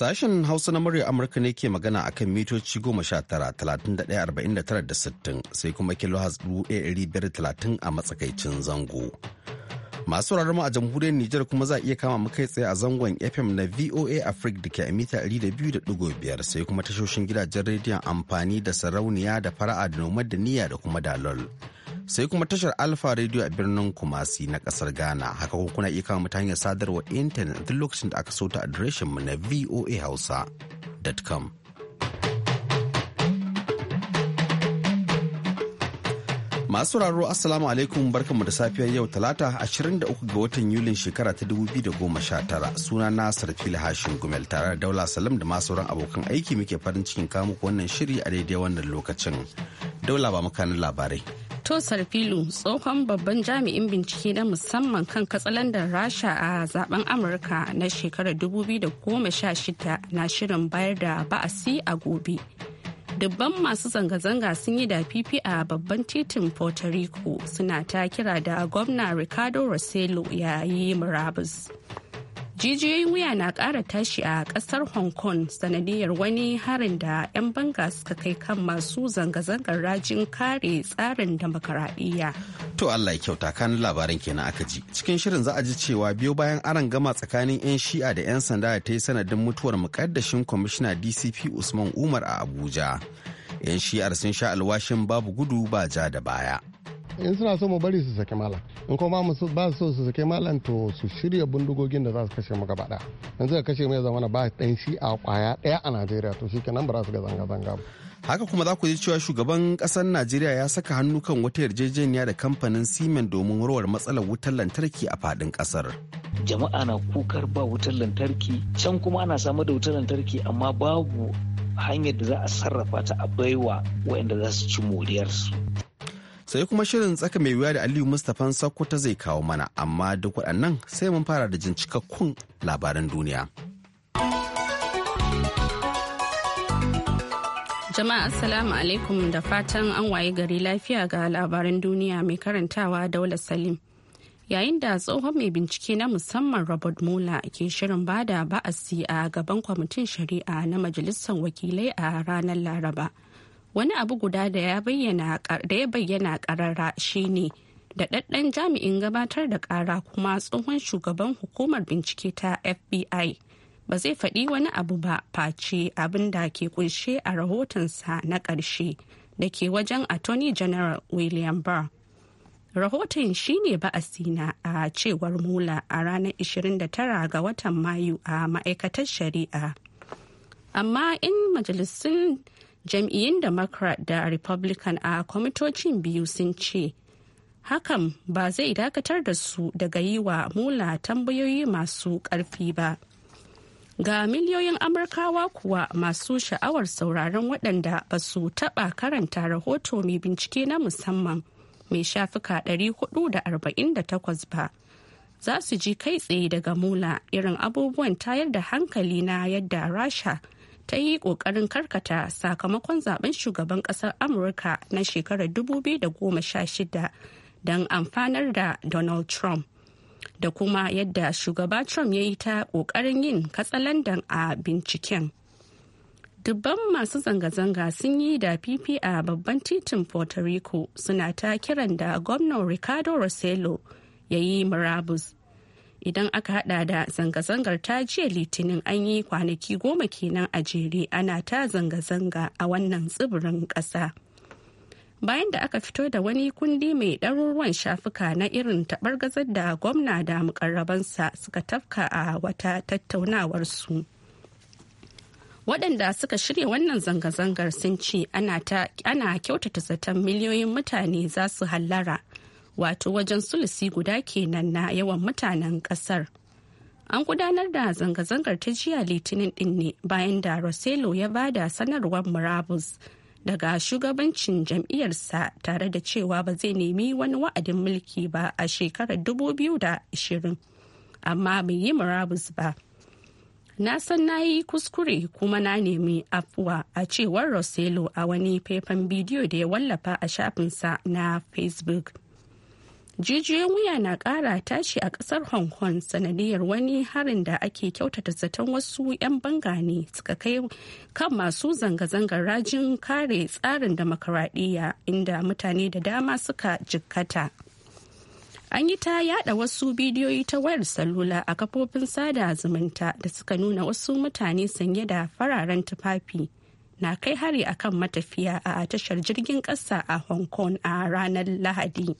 Sashen Hausa na murya Amurka ne ke magana akan mitoci goma sha tara sai kuma kilo dubu a matsakaicin zango. Masu mu a jamhuriyar Nijar kuma za a iya kama kai tsaye a zangon FM na VOA Africa da ke a mita 200.5 sai kuma tashoshin gidajen rediyon amfani da sarauniya da fara'a da nomad da niyya da kuma dalol. sai kuma tashar alfa radio a birnin kumasi na kasar ghana haka kuna iya kama ta hanyar sadarwa intanet duk lokacin da aka so ta mu na voahausa.com masu raro assalamu alaikum barkanmu da safiyar yau talata 23 ga watan yulin shekara ta 2019 suna na fili hashin gumel tare da daula salam da masu sauran abokan aiki muke farin cikin kamu wannan shiri a daidai wannan lokacin daula ba makanin labarai Tosar Filu tsohon babban jami'in bincike na musamman kan katsalandar Rasha a zaben Amurka na shekarar 2016 na shirin bayar da ba'asi a gobe. Dubban masu zanga-zanga sun yi dafifi a babban titin Puerto Rico suna ta kira da gwamna Ricardo Rossello ya yi murabus. jijiyoyin wuya na ƙara tashi a ƙasar hong kong sanadiyar wani harin da 'yan banga suka kai kan masu zanga-zangar rajin kare tsarin demokaradiyya. to allah ya kyauta kan labarin kenan aka ji cikin shirin za a ji cewa biyo bayan aron gama tsakanin 'yan shi'a da 'yan sanda ta yi sanadin mutuwar mukaddashin kwamishina dcp usman umar a abuja 'yan shi'ar sun sha alwashin babu gudu ba ja da baya in suna so mu bari su sake malam in kuma ba su so su sake malam to su shirya bindigogin da za su kashe mu gaba daya in suka kashe mu ya zama ba dan shi a kwaya daya a Najeriya to shikenan ba za su ga zanga zanga ba haka kuma za ku ji cewa shugaban kasar Najeriya ya saka hannu kan wata yarjejeniya da kamfanin simen domin warware matsalar wutar lantarki a fadin kasar jama'a na kukar ba wutar lantarki can kuma ana samu da wutar lantarki amma babu hanyar da za a sarrafa ta a baiwa waɗanda za su ci moriyarsu sai kuma shirin tsaka mai wuya da aliyu mustapha sakkwata zai kawo mana amma duk waɗannan sai mun fara da jin cikakkun labaran duniya jama'a assalamu alaikum da fatan an waye gari lafiya ga labaran duniya mai karantawa daula salim yayin da tsohon mai bincike na musamman robert mueller ke shirin bada ba'asi a gaban kwamitin shari'a na majalisar wakilai a ranar laraba wani abu guda da ya bayyana karara shine daɗaɗɗen jami'in gabatar da ƙara kuma tsohon shugaban hukumar bincike ta fbi ba zai faɗi wani abu ba face abin da ke kunshe a rahotonsa na ƙarshe da ke wajen attorney general william barr rahoton shine sina a cewar mula a ranar 29 ga watan mayu a ma'aikatar shari'a amma in majalisun jam'iyyun democrat da republican a kwamitocin biyu sun ce hakan ba zai dakatar da su daga yi wa mula tambayoyi masu ƙarfi ba ga miliyoyin amurkawa kuwa masu sha'awar sauraron waɗanda ba su taɓa karanta rahoto mai bincike na musamman mai shafuka 448 ba za su ji kai tsaye daga mula irin abubuwan tayar da hankali na yadda rasha ta yi ƙoƙarin karkata sakamakon zaben shugaban ƙasar amurka na shekarar 2016 don amfanar da donald trump da kuma yadda shugaba trump ya yi ta ƙoƙarin yin katsalandan a binciken dubban masu zanga-zanga sun yi da fifi a babban titin puerto rico suna ta kiran da gwamnan ricardo rossello ya yi murabus idan aka hada da zanga-zangar ta jiya litinin an yi kwanaki goma kenan a jere ana ta zanga-zanga a wannan tsibirin ƙasa. bayan da aka fito da wani kundi mai ɗaruruwan shafuka na irin gazar da gwamna da mukarrabansa suka tafka a wata tattaunawar su. waɗanda suka shirya wannan zanga-zangar sun ce ana kyautata zaton miliyoyin mutane za su hallara wato wajen sulisi guda kenan na yawan mutanen kasar. An gudanar da zanga-zangar ta jiya litinin din ne bayan da Roselo ya bada sanarwar murabus daga shugabancin jam'iyyarsa tare da cewa ba zai nemi wani wa'adin mulki ba a shekarar 2020 amma bai yi murabus ba. na san na yi kuskure kuma na nemi afuwa a cewar Roselo a wani faifan bidiyo da ya wallafa a shafinsa na Facebook. jijiyoyin wuya na kara tashi a kasar hong kong sanadiyar wani harin da ake kyautata zaton wasu 'yan banga ne suka kai kan masu zanga-zangar rajin kare tsarin demokaradiyya inda mutane da dama suka jikkata an yi ta yada wasu bidiyoyi ta wayar salula a kafofin sada zumunta da suka nuna wasu mutane sanye da fararen tufafi na kai hari akan matafiya a tashar jirgin kasa a hong kong a ranar lahadi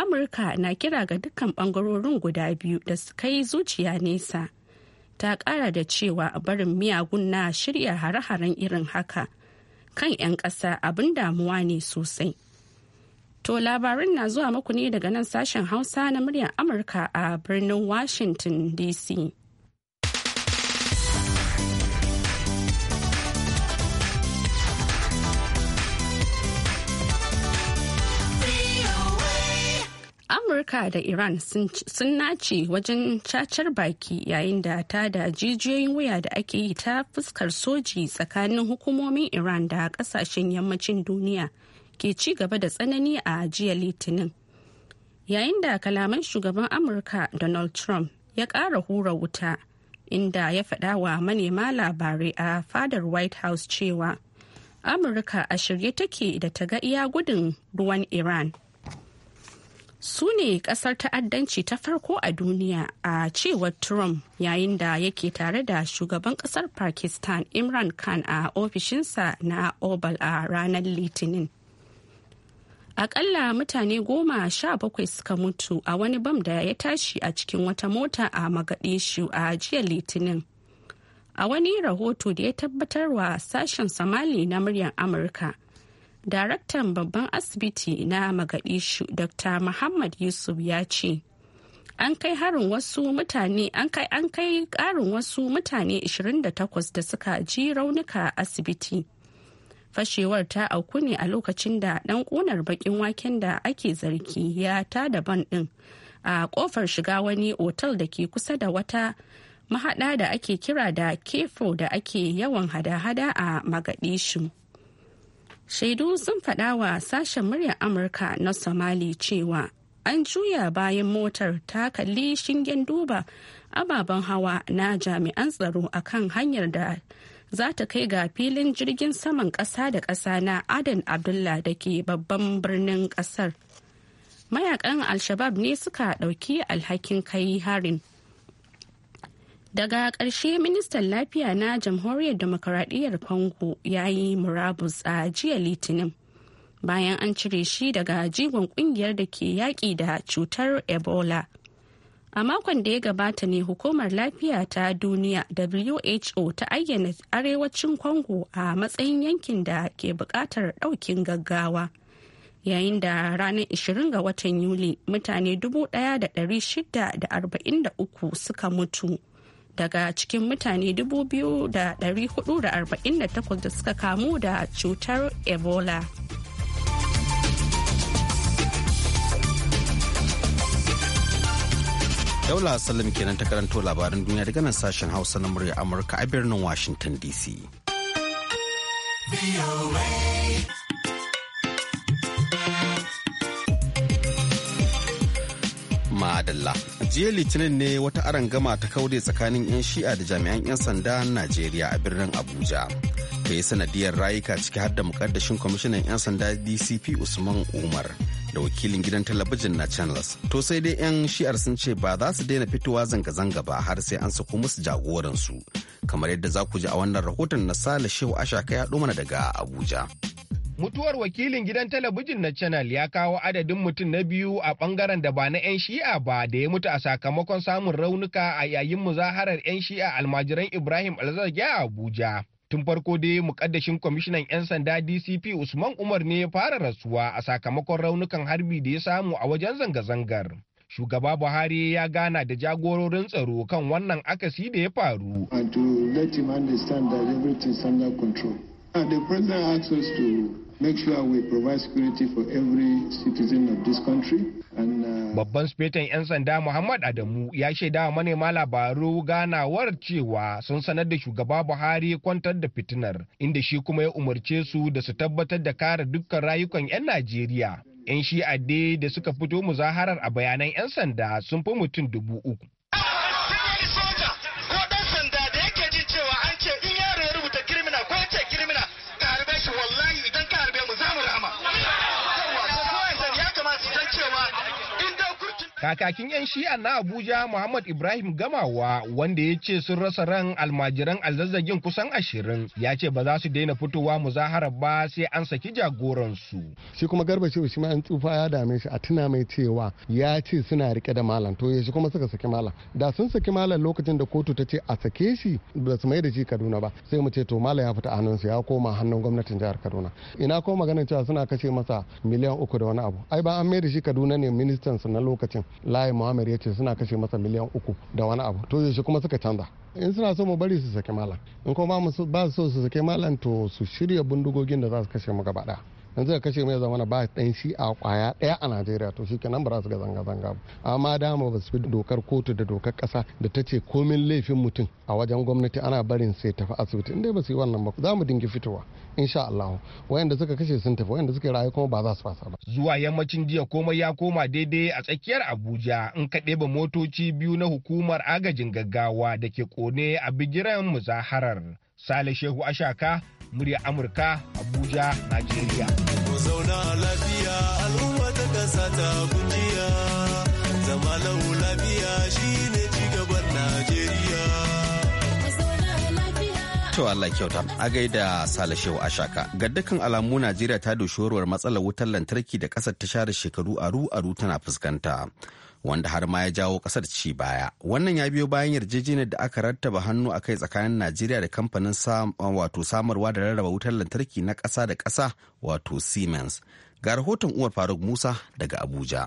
amurka na kira ga dukkan bangarorin guda biyu da su kai zuciya nesa ta kara da cewa barin miyagun na shirya hare-haren irin haka kan 'yan ƙasa abin damuwa ne sosai to labarin na zuwa muku ne daga nan sashen hausa na muryar amurka a birnin washington dc amurka da iran sun nace wajen cacar baki yayin da ta da jijiyoyin wuya da ake yi ta fuskar soji tsakanin hukumomin iran da kasashen yammacin duniya ke ci gaba da tsanani a jiya litinin yayin da kalaman shugaban amurka donald trump ya ƙara hura wuta inda ya faɗa wa manema labarai a fadar white house cewa amurka a shirye take da ta ga iya gudun ruwan iran su ne kasar ta'addanci ta farko a duniya a cewar trump yayin da yake tare da shugaban kasar pakistan imran khan a ofishinsa na obal a ranar litinin akalla mutane goma sha bakwai suka mutu a wani bam da ya tashi a cikin wata mota a magadishu a jiya litinin a wani rahoto da ya tabbatarwa sashen somali na muryar amurka daraktan babban asibiti na magadishu dr muhammad yusuf ya ce an kai harin wasu mutane an kai an kai karin wasu mutane 28 da suka ji raunuka asibiti fashewar ta auku ne a lokacin da dan kunar bakin waken da ake zarki ya ta daban din a kofar shiga wani otal da ke kusa da wata mahada da ake kira da kefo da ake yawan hada-hada a magadishu Shaidu sun faɗa wa sashen muryar Amurka na Somali cewa an juya bayan motar ta kalli shingen duba ababen hawa na jami'an tsaro a kan hanyar da za ta kai ga filin jirgin saman ƙasa da ƙasa na adan abdullah da ke babban birnin ƙasar mayakan al-shabab ne suka ɗauki alhakin kai harin daga ƙarshe ministan lafiya na jamhuriyar demokaradiyyar congo ya yi murabus a jiya litinin bayan an cire shi daga jigon kungiyar da ke yaƙi da cutar ebola a makon da ya gabata ne hukumar lafiya ta duniya who ta ayyana arewacin congo a matsayin yankin da ke buƙatar ɗaukin gaggawa yayin da ranar 20 ga watan yuli mutane 1,643 suka mutu. daga cikin mutane 2,448 da suka kamu da cutar ebola daula salim kenan ta karanto labarin duniya daga nan sashen hausa na murya amurka a birnin washington dc madalla. Jiya Litinin ne wata arangama ta kaure tsakanin 'yan shi'a da jami'an 'yan sanda Najeriya a birnin Abuja. Ka yi sanadiyar rayuka ciki har da mukaddashin kwamishinan 'yan sanda DCP Usman Umar da wakilin gidan talabijin na Channels. To sai dai 'yan shi'ar sun ce ba za su daina fitowa zanga-zanga ba har sai an sako musu jagoransu. Kamar yadda za ku ji a wannan rahoton na Sale Shehu ka yaɗo mana daga Abuja. Mutuwar wakilin gidan talabijin na Channel ya kawo adadin mutum na biyu a bangaren da ba na 'yan shi'a ba da ya mutu a sakamakon samun raunuka a yayin muzaharar 'yan shi'a almajiran Ibrahim Alzage a Abuja. Tun farko dai mukaddashin kwamishinan 'yan sanda DCP Usman Umar ne ya fara rasuwa a sakamakon raunukan harbi da ya samu a wajen zanga-zangar. shugaba buhari ya gana da jagororin tsaro kan wannan akasi da ya faru and to let him understand that everything is under control and the president asked us to make sure for every citizen of this uh, Babban sufetan 'yan sanda Muhammad Adamu ya shaida wa manema labaru ganawar cewa sun sanar da shugaba Buhari kwantar da fitinar, inda shi kuma ya umarce su da su tabbatar da kare dukkan rayukan 'yan Najeriya. 'Yan shi'adde da suka fito muzaharar a bayanan 'yan sanda sun fi mutum dubu uku. kakakin 'yan shi'a na abuja muhammad ibrahim gamawa wanda ya ce sun rasa ran almajiran alzazzagin kusan ashirin ya ce ba za su daina fitowa muzahara ba sai an saki jagoransu shi kuma garba shehu shi ma an tsufa ya dame shi a tuna mai cewa ya ce suna rike da malam to yaushe kuma suka saki malam da sun saki malam lokacin da kotu ta ce a sake shi ba su mai da shi kaduna ba sai mu ce to malam ya fita hannun su ya koma hannun gwamnatin jihar kaduna ina ko maganar cewa suna kashe masa miliyan uku da wani abu ai ba an mai da shi kaduna ne ministansu na lokacin layi muhammad ya ce suna kashe masa miliyan uku da wani abu to yaushe kuma suka canza in suna so mu bari su sake malam in kuma ba su so su sake malam to su shirya bindigogin da za su kashe mu gaba yanzu da kashe mai zamana ba ɗan shi a kwaya ɗaya a najeriya to shi kenan ba za su ga zanga-zanga ba amma dama ba su fi dokar kotu da dokar ƙasa da ta ce komin laifin mutum a wajen gwamnati ana barin sai tafi asibiti inda ba su yi wannan ba za mu dinga fitowa insha Allah wayanda suka kashe sun tafi wayanda suka rayu kuma ba za su fasa ba zuwa yammacin jiya komai ya koma daidai a tsakiyar Abuja in ka ɗeba motoci biyu na hukumar agajin gaggawa da ke kone a bigiran muzaharar Sale Shehu Ashaka murya Amurka Abuja, Najeriya. Ku zauna lafiya al'umma ta kasa ta kujiya, zama lau lafiya shine cigaban Najeriya. To Allah kyauta a gaida Sale a shaka Ga dukkan alamu Najeriya ta doshi matsalar wutar lantarki da kasar ta share shekaru aru aru tana fuskanta. wanda har ma ya jawo kasar ci baya wannan ya biyo bayan yarjejeniyar da aka rattaba hannu a kai tsakanin najeriya da kamfanin wato samarwa da rarraba wutar lantarki na kasa da kasa wato siemens ga rahoton umar faruk musa daga abuja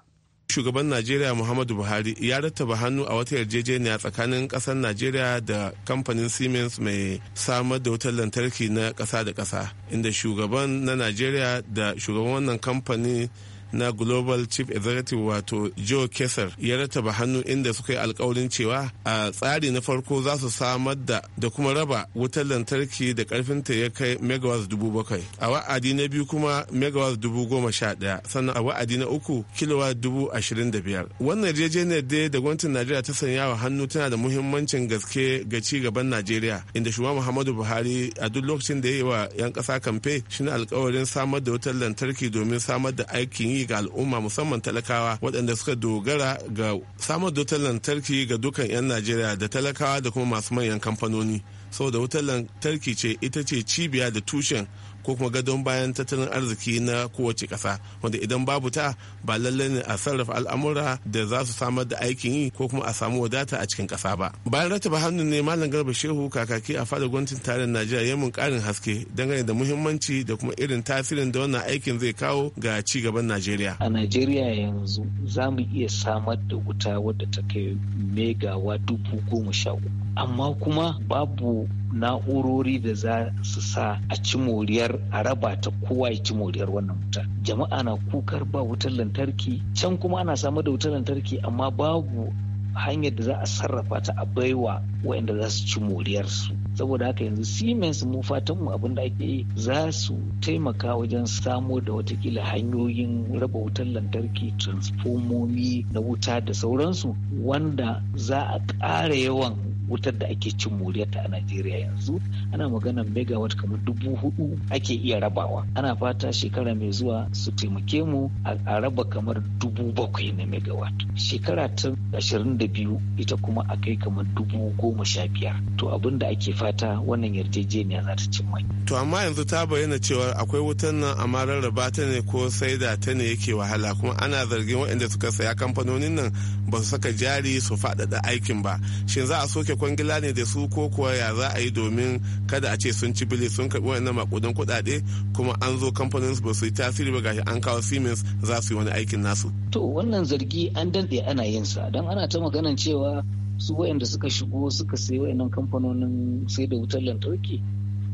shugaban najeriya muhammadu buhari ya rattaba hannu a wata yarjejeniya tsakanin kasar najeriya da kamfanin siemens mai samar da wutar lantarki na kasa da kasa inda shugaban na najeriya da shugaban wannan kamfanin na global chief executive wato joe kessar ya rataba hannu inda suka yi alkawarin cewa a tsari na farko za su samar da da kuma raba wutar lantarki da karfinta ya kai megawatt dubu bakwai a wa'adi na biyu kuma megawatt dubu goma sha daya sannan a wa'adi na uku kilowatt dubu ashirin da biyar wannan yarjejeniyar dai da gwamnatin najeriya ta sanya wa hannu tana da muhimmancin gaske ga ci gaban najeriya inda shuma muhammadu buhari a duk lokacin da ya yi wa 'yan kasa kamfe shi alkawarin samar da wutar lantarki domin samar da aikin yi yi ga al'umma musamman talakawa waɗanda suka dogara ga samar da wutar lantarki ga dukan 'yan najeriya da talakawa da kuma masu manyan kamfanoni saboda wutar lantarki ce ita ce cibiya da tushen ko kuma gadon bayan tattalin arziki na kowace ƙasa wanda idan babu ta ba lallai ne a sarrafa al'amura da za su samar da aikin yi ko kuma a samu wadata a cikin ƙasa ba bayan rataba hannu ne malam garba shehu kakaki a fadar gwamnatin tarayyar najeriya ya mun karin haske dangane da muhimmanci da kuma irin tasirin da wannan aikin zai kawo ga ci gaban najeriya a najeriya yanzu za mu iya samar da wuta wadda ta kai megawa dubu goma sha uku amma kuma babu na'urori da za su sa a ci moriyar a raba ta kowa ya ci moriyar wannan wuta jama'a na kukar ba wutar lantarki can kuma ana samar da wutar lantarki amma babu hanyar da za a sarrafa ta a baiwa waɗanda za su ci moriyar su saboda haka yanzu siemens mu fatan mu abin da ake yi za su taimaka wajen samo da watakila hanyoyin raba wutar lantarki transfomomi na wuta da sauransu wanda za a ƙara yawan wutar da ake cin moriyarta a Najeriya yanzu ana maganar megawatt kamar dubu hudu ake iya rabawa ana fata shekara mai zuwa su taimake mu a raba kamar dubu bakwai na megawatt shekara ta ashirin da biyu ita kuma a kai kamar dubu goma sha biyar to abin da ake fata wannan yarjejeniya za ta mai. to amma yanzu ta bayyana cewa akwai wutar nan amma rarraba ta ne ko saida ta ne yake wahala kuma ana zargin waɗanda suka saya kamfanonin nan ba su saka jari su faɗaɗa aikin ba shin za a soke kwangila ne da su ko kuwa ya za a yi domin kada a ce sun ci bili sun karbi wannan makudan kuɗaɗe kuma an zo kamfanin ba su yi tasiri ba gashi an kawo siemens za su yi wani aikin nasu. to wannan zargi an daɗe ana yin sa don ana ta maganan cewa su wayanda suka shigo suka sayi wayannan kamfanonin sai da wutar lantarki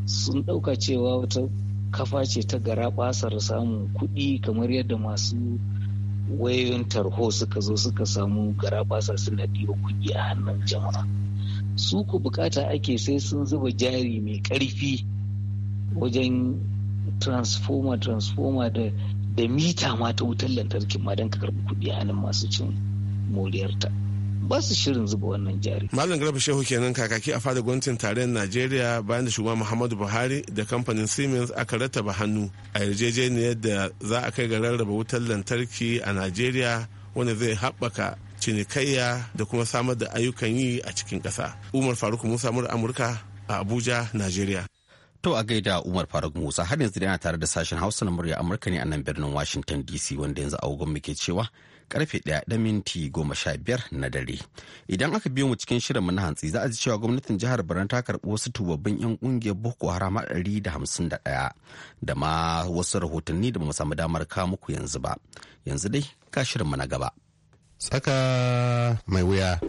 sun ɗauka cewa wata kafa ce ta gara basar samun kuɗi kamar yadda masu wayoyin tarho suka zo suka samu gara suna ɗiba kuɗi a hannun jama'a. su ku bukata ake sai sun zuba jari mai karfi wajen transformer transformer da da mita ma ta wutar lantarki ma don karɓi kuɗi a masu cin moriyarta ba su shirin zuba wannan jari. Malam Garba Shehu kenan kakaki a fada gwamnatin tarayyar Najeriya bayan da shugaban Muhammadu Buhari da kamfanin Siemens aka rattaba hannu a yarjejeniyar da za a kai ga rarraba wutar lantarki a Najeriya wanda zai haɓaka cinikayya da kuma samar da ayyukan yi a cikin ƙasa umar faruk musa mura amurka a abuja najeriya To a gaida Umar Faruk Musa har yanzu yana tare da sashen Hausa na murya Amurka ne a nan birnin Washington DC wanda yanzu agogon muke cewa karfe ɗaya da minti goma sha biyar na dare. Idan aka biyo mu cikin shirin na hantsi za a ji cewa gwamnatin jihar Borno ta karɓi wasu tubabbin 'yan ƙungiyar Boko Haram ɗari da hamsin da ɗaya da ma wasu rahotanni da ba mu samu damar kawo muku yanzu ba. Yanzu dai ka shirin shirinmu na gaba. tsaka mai wuya.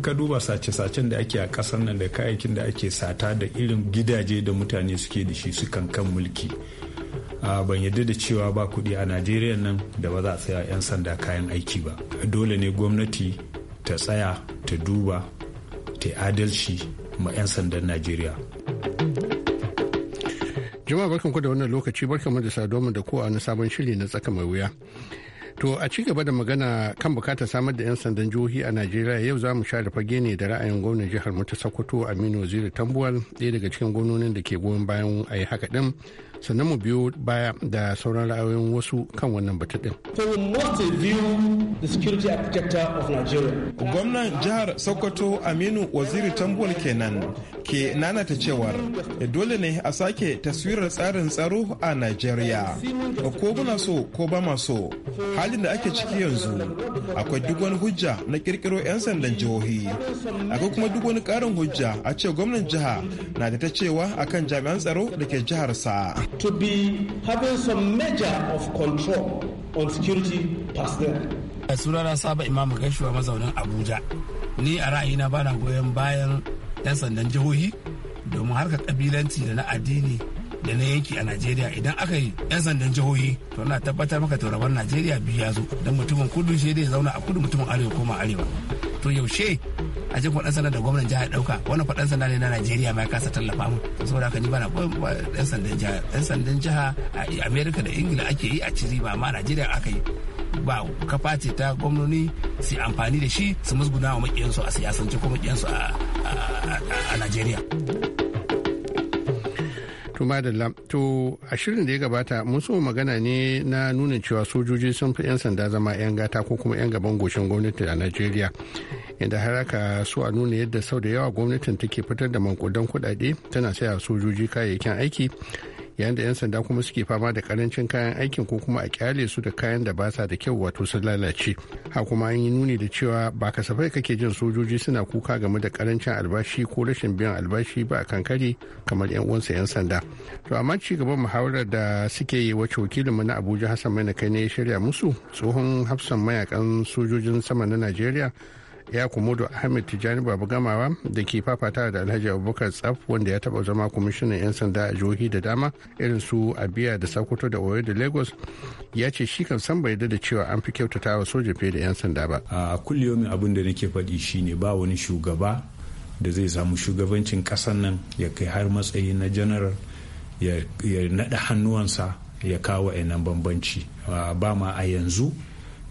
ka duba sace-sacen da ake a kasar nan da kayayyakin da ake sata da irin gidaje da mutane suke da shi su kan mulki a ban yadda da cewa ba kuɗi a najeriya nan da ba za a tsaya 'yan sanda kayan aiki ba dole ne gwamnati ta tsaya ta duba ta adalci ma 'yan sandan najeriya jama'a barkan da wannan lokaci barkan mu da saduwa da ku a na sabon shiri na tsaka mai wuya To a ci gaba da magana kan bukatar samar da 'yan sandan jihohi a Najeriya yau za mu share fage ne da ra'ayin gwamnan jihar mu ta Sokoto Aminu Waziri Tambuwal ɗaya daga cikin gwamnonin da ke goyon bayan a yi haka ɗin sannan mu biyo baya da sauran ra'ayoyin wasu kan wannan batu din. Gwamnan jihar Sokoto Aminu Waziri Tambuwal kenan ke nanata cewar dole ne a sake taswirar tsarin tsaro a Najeriya. Ko muna so ko ba ma so halin da ake ciki yanzu akwai duk wani hujja na kirkiro 'yan sandan jihohi. Akwai kuma duk wani karin hujja a ce gwamnan jiha na da ta cewa akan jami'an tsaro da ke sa. to be having some measure of control on security personnel. a sunana saba imamu gaishuwa mazaunin abuja ni a ra'ayina bana goyon bayan 'yan sandan jihohi domin harka kabilanci da na addini da na yanki a najeriya idan aka yi 'yan sandan jihohi to na tabbatar maka tauraron najeriya biyu ya zo don mutumin kudu shi ya zauna a kudu mutumin arewa koma arewa to yaushe a cikin kwaɗan sanda da gwamnan jihar dauka wannan kwaɗan sanda ne na najeriya ma ya kasa tallafa mu saboda haka ni bana koyon ɗan sandan jiha a amerika da ingila ake yi a ciri ba ma najeriya aka yi ba kafa ce ta gwamnoni su amfani da shi su musguna wa makiyansu a siyasance ko makiyansu a najeriya to madalla to a shirin da ya gabata mun so magana ne na nuna cewa sojoji sun fi 'yan sanda zama 'yan gata ko kuma 'yan gaban goshin gwamnati a najeriya inda har aka so a nuna yadda sau da yawa gwamnatin take fitar da mankudan kudade tana saya sojoji kayayyakin aiki yayin da 'yan sanda kuma suke fama da karancin kayan aikin ko kuma a kyale su da kayan da ba sa da kyau wato sun lalace ha kuma an yi nuni da cewa ba kasafai kake jin sojoji suna kuka game da karancin albashi ko rashin biyan albashi ba a kankare kamar 'yan uwansa 'yan sanda to amma ci gaban muhawarar da suke yi wacce mu na abuja hassan mai kai ne ya shirya musu tsohon hafsan mayakan sojojin sama na najeriya ya kumudu ahmed tijjani babu gamawa da ke fafata da alhaji abubakar tsaf wanda ya taba zama kwamishinan 'yan sanda a jihohi da dama irin su abiya da sakoto da oyo da lagos ya ce shi kan san bai da cewa an fi kyautata wa soja fiye da 'yan sanda ba a kulliyomi abin da nake faɗi shine ba wani shugaba da zai samu shugabancin ƙasar nan ya kai har matsayi na janaral ya naɗa hannuwansa ya kawo nan bambanci ba ma a yanzu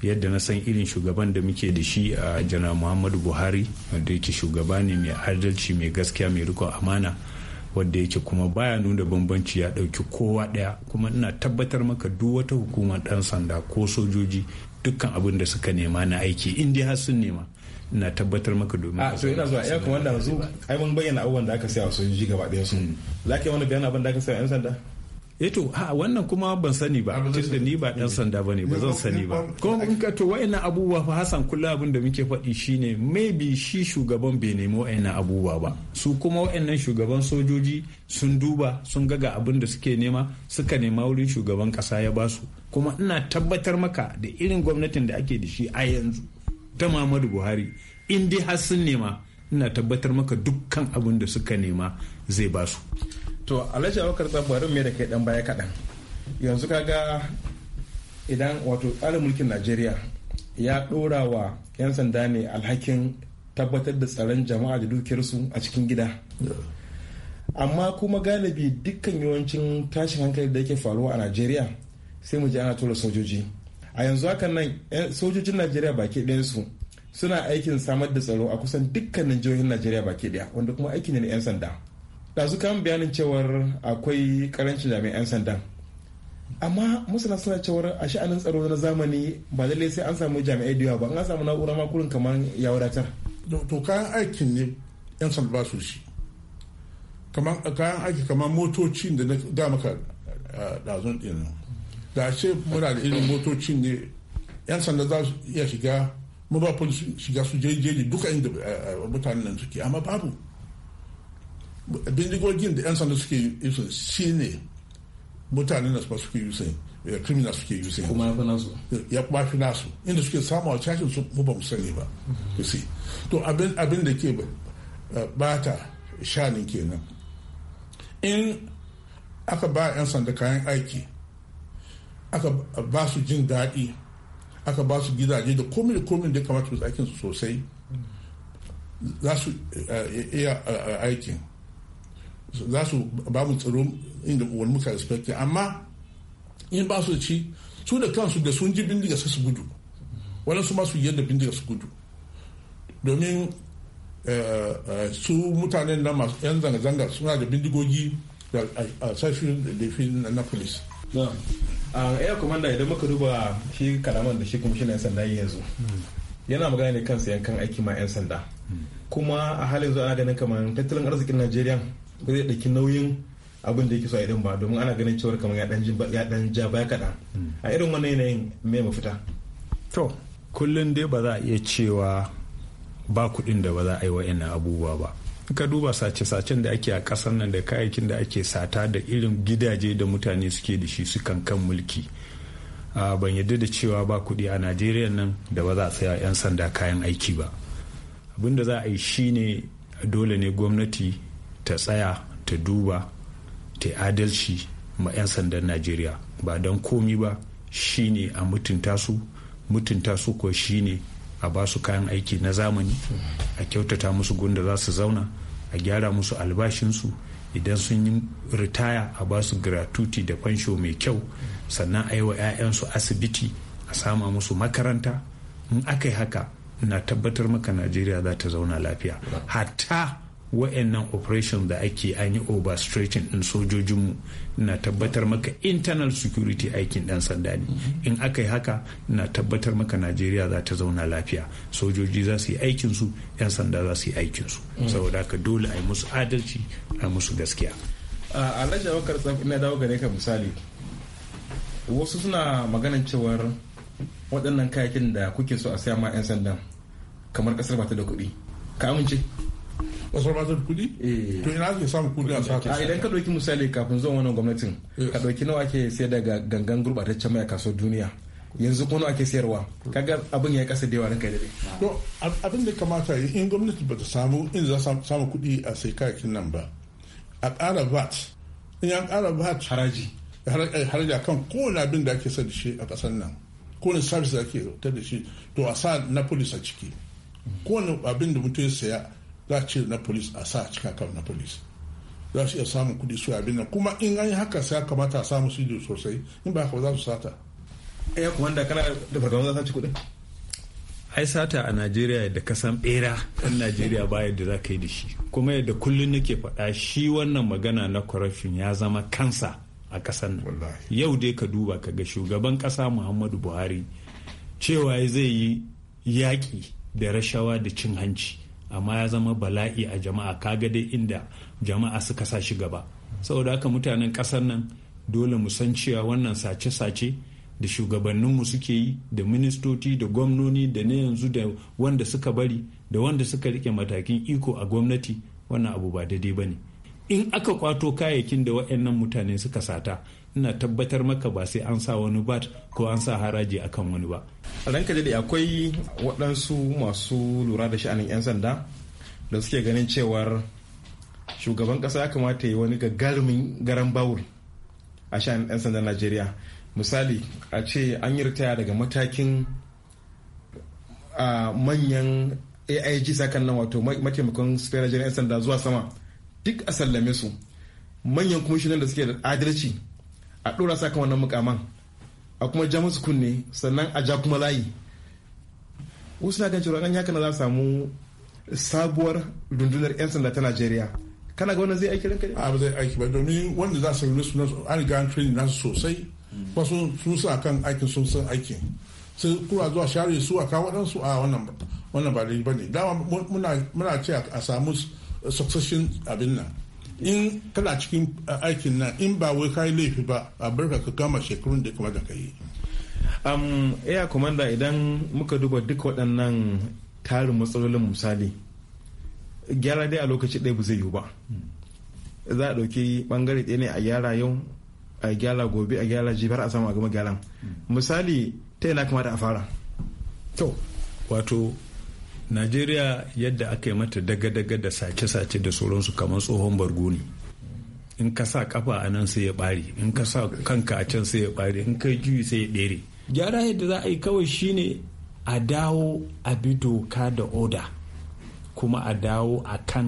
yadda na san irin shugaban da muke da shi a janar muhammadu buhari wanda yake shugaba ne mai adalci mai gaskiya mai rikon amana wadda yake kuma baya nuna bambanci ya ɗauki kowa ɗaya kuma ina tabbatar maka duk wata hukuma ɗan sanda ko sojoji dukkan abin da suka nema na aiki in dai har sun nema ina tabbatar maka domin a ah, so ina zuwa ya kuma wanda yanzu ai mun bayyana abubuwan da aka sai a sojoji gaba ɗaya sun lakin wani bayan abin da aka sai a 'yan sanda eto eh ha wannan kuma ban sani ba ah, da ni ba dan mm. sanda bane ba zan sani ba ko in ka to wayannan abubuwa fa Hassan kullu abin da muke faɗi shine maybe shi shugaban bai nemi wayannan abubuwa ba su kuma wayannan shugaban sojoji sun duba sun ga ga abin da suke nema suka nema wurin shugaban kasa ya basu kuma ina tabbatar maka da irin gwamnatin da ake da shi a yanzu ta Muhammadu Buhari in dai har sun nema ina tabbatar maka dukkan abin da suka nema zai basu to alhaji abubakar tsabarin mai da kai dan baya kaɗan yanzu kaga idan wato tsarin mulkin najeriya ya ɗora wa 'yan sanda ne alhakin tabbatar da tsaron jama'a da dukiyarsu a cikin gida amma kuma galibi dukkan yawancin tashin hankali da yake faruwa a najeriya sai mu ji ana tura sojoji a yanzu hakan nan sojojin najeriya baki ɗayansu suna aikin samar da tsaro a kusan dukkanin jihohin najeriya baki ɗaya wanda kuma aiki ne na 'yan sanda ɗazu kan bayanin cewar akwai karancin jami'an sandan amma masana suna cewar a sha'anin tsaro na zamani ba zai sai an samu jami'ai da yawa ba an samu na'ura ma kurin kamar ya wadatar to kayan aikin ne yan sanda ba su shi kamar kayan aiki kamar motoci da eh, da maka dazun din da ce muna da irin motoci ne yan sanda za su iya shiga mu ba shiga su jejeji duka inda eh, eh, mutanen nan suke amma babu bindigogin da 'yan sanda suke using shi ne mutane na suke using criminal suke using ya kuma fi nasu inda suke samu a cashin su mu ba mu sani ba to abin da ke eh, bata shanin kenan in aka ba 'yan sanda kayan aiki aka ba su jin daɗi aka ba su gidaje da komai da komai da kamata su aikin sosai za su eh, iya eh, aikin za su ba mu tsaro inda wani muka respecti amma in ba su ci su da kansu da sun ji bindiga sai su gudu waɗansu ma su yadda bindiga su gudu domin eh, eh, su mutanen na masu yan zanga-zanga suna da bindigogi da a sashen da na police a iya da idan muka duba shi kalaman da shi kuma shi na sanda yanzu hmm. yana magana ne kansa yankan aiki ma 'yan sanda kuma a halin zuwa ana ganin kamar tattalin arzikin najeriya ba zai ɗauki nauyin abin da yake so a idan ba domin ana ganin cewar kamar ya dan ja baya kaɗan a irin wannan yanayin mai mafita to kullum dai ba za a iya cewa ba kuɗin da ba za a yi wa'in abubuwa ba ka duba sace-sacen da ake a ƙasar nan da kayayyakin da ake sata da irin gidaje da mutane suke da shi su kan mulki ban yadda da cewa ba kuɗi a najeriya nan da ba za a saya 'yan sanda kayan aiki ba abin da za a yi shine dole ne gwamnati ta tsaya ta duba ta adalci ma 'yan sandan najeriya ba don komi ba shine a mutunta su mutunta su ko shine a ba su kayan aiki na zamani a kyautata musu gunda za su zauna a gyara musu albashinsu idan sun yi ritaya a ba su gratuity da fansho mai kyau sannan a yi wa 'ya'yansu asibiti a sama musu makaranta in aka yi haka na tabbatar maka najeriya za ta zauna lafiya hatta wa'annan operation da ake an yi overstretching din sojojinmu na tabbatar maka internal security aikin dan sanda ne in aka yi haka na tabbatar maka najeriya za ta zauna lafiya sojoji za su yi aikinsu 'yan sanda za su yi aikinsu saboda haka dole a yi musu adalci a musu gaskiya a alhaji abokar ina dawo gare ka misali wasu suna maganin cewar waɗannan kayakin da kuke so a siya ma 'yan sandan kamar kasar ba ta da kuɗi ka amince kasar ba ta da kuɗi eh. to ina ake samun kuɗi a sata a idan ka ɗauki misali kafin zuwan wannan gwamnatin ka ɗauki nawa ke sai daga gangan gurɓataccen mai kasuwar duniya yanzu kuma ake sayarwa kaga abin ya kasa da yawa ranka daɗe. to abin da kamata yi in gwamnati ba ta samu in za samu kuɗi a sai kayakin nan ba a ƙara vat in ya ƙara vat haraji Eh, har da kan kowane abin da ake sa da shi a kasar nan kowane service da ake ta da shi to a sa na police a ciki kowane abin da mutum ya saya za a cire na police a sa a cika kan na police za su iya samun kuɗi su abin nan kuma in an yi haka sai kamata a samu su sosai in ba haka za su sata. Eh, ya kuma da kana da za ta ci kuɗin. ai sata a najeriya da kasan bera kan najeriya ba yadda za ka yi da shi kuma yadda kullum nake faɗa shi wannan magana na corruption ya zama kansa a kasan nan yau dai ka duba ka ga shugaban ƙasa muhammadu buhari cewa zai yi yaƙi da rashawa da cin hanci amma ya zama bala'i a jama'a ka ga dai inda jama'a suka sa shi gaba saboda haka mutanen ƙasar nan dole mu san cewa wannan sace-sace da shugabanninmu suke yi da ministoci da gwamnoni da na yanzu da wanda suka bari da wanda suka rike matakin iko a gwamnati wannan abu ba daidai ba ne in aka kwato kayayyakin da waɗannan mutane suka sata ina tabbatar maka ba sai an sa wani bat ko an sa haraji akan wani ba a ranka da akwai waɗansu masu lura da sha'anin 'yan sanda da suke ganin cewar shugaban ƙasa ya kamata ya yi wani gagarumin garan bawul a sha'anin 'yan sandan najeriya misali a ce an yi ritaya daga matakin manyan aig sakan nan wato mataimakon spera 'yan sanda zuwa sama duk a sallame su manyan kwamishinan da suke da adalci a ɗora sa kan wannan mukaman a kuma ja musu kunne sannan a ja kuma layi wasu na kan cewa an yakan za samu sabuwar rundunar 'yan sanda ta najeriya kana ga wannan zai aiki ranka a ba zai aiki ba domin wanda za su yi su nasu an ga training nasu sosai ba su su sa kan aikin sun san aikin sai kura zuwa share su a kawo waɗansu a wannan ba daidai ba ne dama muna ce a samu succession abin nan in kana cikin aikin nan in ba wai kai laifi ba a barka ka kama shekarun da kamata ka yi um, ya commander idan muka duba duk waɗannan tarin matsalolin misali gyara dai a lokaci ɗaya ba zai yiwu ba za a ɗauki ɓangare ɗaya ne a gyara yau a gyara gobe a gyara jifar a samu a gama gyaran misali ta yana kamata a fara to wato najeriya yadda aka yi mata daga-daga da sace-sace da sauransu kamar tsohon bargo ne in ka sa kafa a nan sai ya bari in ka sa kanka a can sai ya bari in ka juyi sai ya ɗere gyara yadda za a yi kawai shine a dawo a bi doka da oda kuma a dawo a kan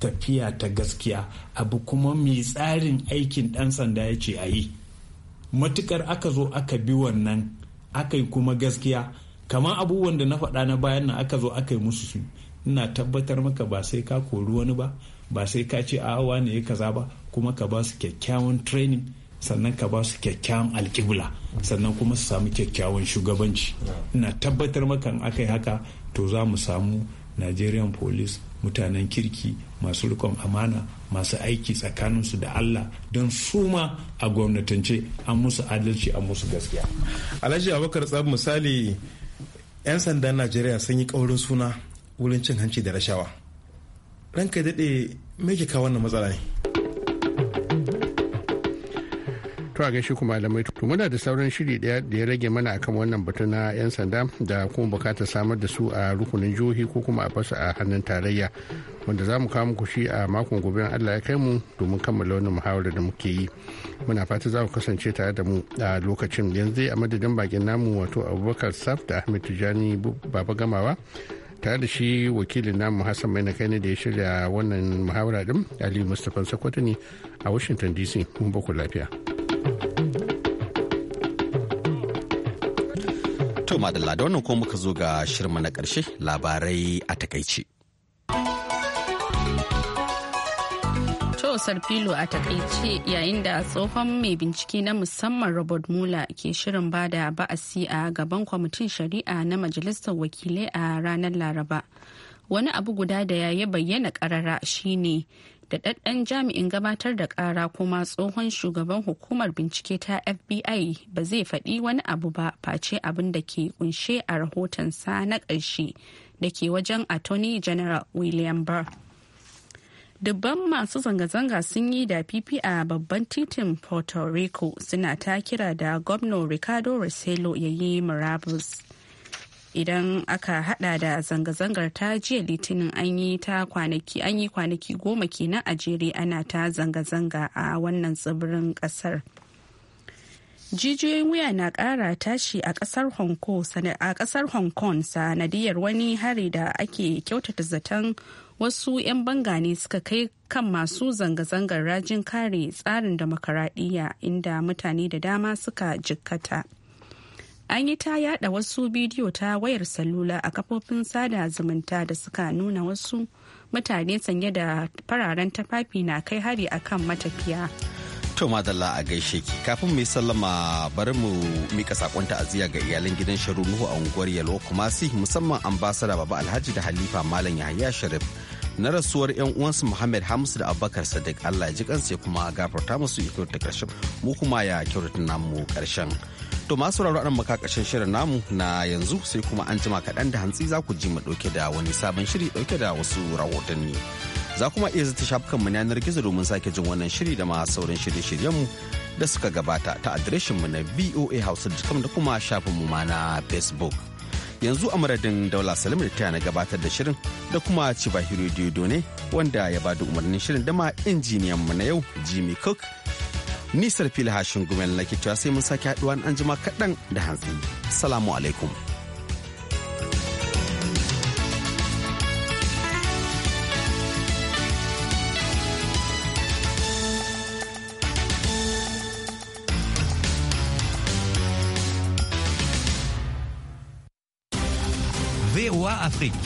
tafiya ta gaskiya abu kuma mai tsarin aikin ɗan sanda ya ce a yi matukar aka zo aka bi wannan aka yi kuma gaskiya kamar abubuwan da na faɗa na bayan na aka zo aka yi musu su ina tabbatar maka ba sai ka kori wani ba ba sai ka ce awa ne ya kaza ba kuma ka ba su kyakkyawan training sannan ka ba su kyakkyawan alkibla sannan kuma su samu kyakkyawan shugabanci ina tabbatar maka in aka yi haka to za mu samu nigerian police mutanen kirki masu rikon amana masu aiki tsakaninsu da allah don suma a gwamnatance an musu adalci an musu gaskiya alhaji abubakar tsab misali 'yan sandan najeriya sun yi ƙaurin suna wurin cin hanci da rashawa ranka daɗe me ke kawo wannan matsala ne to a gaishe kuma malamai to muna da sauran shiri daya da ya rage mana akan wannan batu na yan sanda da kuma bukatar samar da su a rukunin jihohi ko kuma a fasa a hannun tarayya wanda za mu kawo muku shi a makon gobe Allah ya kai mu domin kammala wani muhawara da muke yi muna fata za ku kasance tare da mu a lokacin yanzu a madadin bakin namu wato Abubakar Saf da Ahmed Tijani Baba Gamawa tare da shi wakilin namu Hassan Mai na da ya shirya wannan muhawara din Ali Mustapha sokoto ne a Washington DC mun ba lafiya. madalla da wannan ko muka zo ga shirma na ƙarshe labarai a takaice. Tosar filo a takaice yayin da tsohon mai bincike na musamman Robert Mueller ke shirin ba da ba'asi a gaban kwamitin shari'a na majalisar wakilai a ranar Laraba. Wani abu guda da ya bayyana ƙarara shine da ɗaɗɗan jami'in gabatar da ƙara kuma tsohon shugaban hukumar bincike ta fbi ba zai faɗi wani abu ba face abin da ke kunshe a rahotonsa na ƙarshe da ke wajen attorney general william barr dubban masu zanga-zanga sun yi da fifi a babban titin puerto rico suna ta kira da gwamnan ricardo rossello ya yi murabus. idan aka hada da zanga-zangar ta jiya litinin an yi ta kwanaki an yi kwanaki goma kenan a jere ana ta zanga-zanga a wannan tsibirin kasar jijiyoyin wuya na kara tashi a kasar hong kong sanadiyar wani hari da ake kyautata zaton wasu 'yan banga ne suka kai kan masu zanga-zangar rajin kare tsarin demokaradiyya inda mutane da dama suka jikkata. an yi ta yada wasu bidiyo ta wayar salula a kafofin sada zumunta da suka nuna wasu mutane sanye da fararen tafafi na kai hari akan matafiya. To madalla a gaishe ki kafin mu yi sallama bari mu mika sakon ta'aziyya ga iyalan gidan Sharu Nuhu a unguwar Yalwa Kumasi musamman ambasada Baba Alhaji da Halifa Malam Yahaya Sharif na rasuwar yan uwansu Muhammad Hamisu da Abubakar Sadiq Allah ya ji kansa kuma gafarta musu ikon ta karshen mu kuma ya kyautata namu karshen. To masu sauraro makakashin shirin namu na yanzu sai kuma an jima kaɗan da hantsi za ku ji mu ɗauke da wani sabon shiri dauke da wasu rahotanni. Za kuma iya zata shafukan mu yanar gizo domin sake jin wannan shiri da ma sauran shirye-shiryen mu da suka gabata ta adireshin mu na voahausa.com da kuma shafin mu ma na Facebook. Yanzu a madadin Daula Salim da ta na gabatar da shirin da kuma Cibahiro Diodo ne wanda ya bada umarnin shirin da ma injiniyan mu na yau Jimmy Cook Nisar fili hashin gumel na cewa sai mun sake haɗuwa an jima kaɗan da hantsi. Salamu alaikum. Afrique.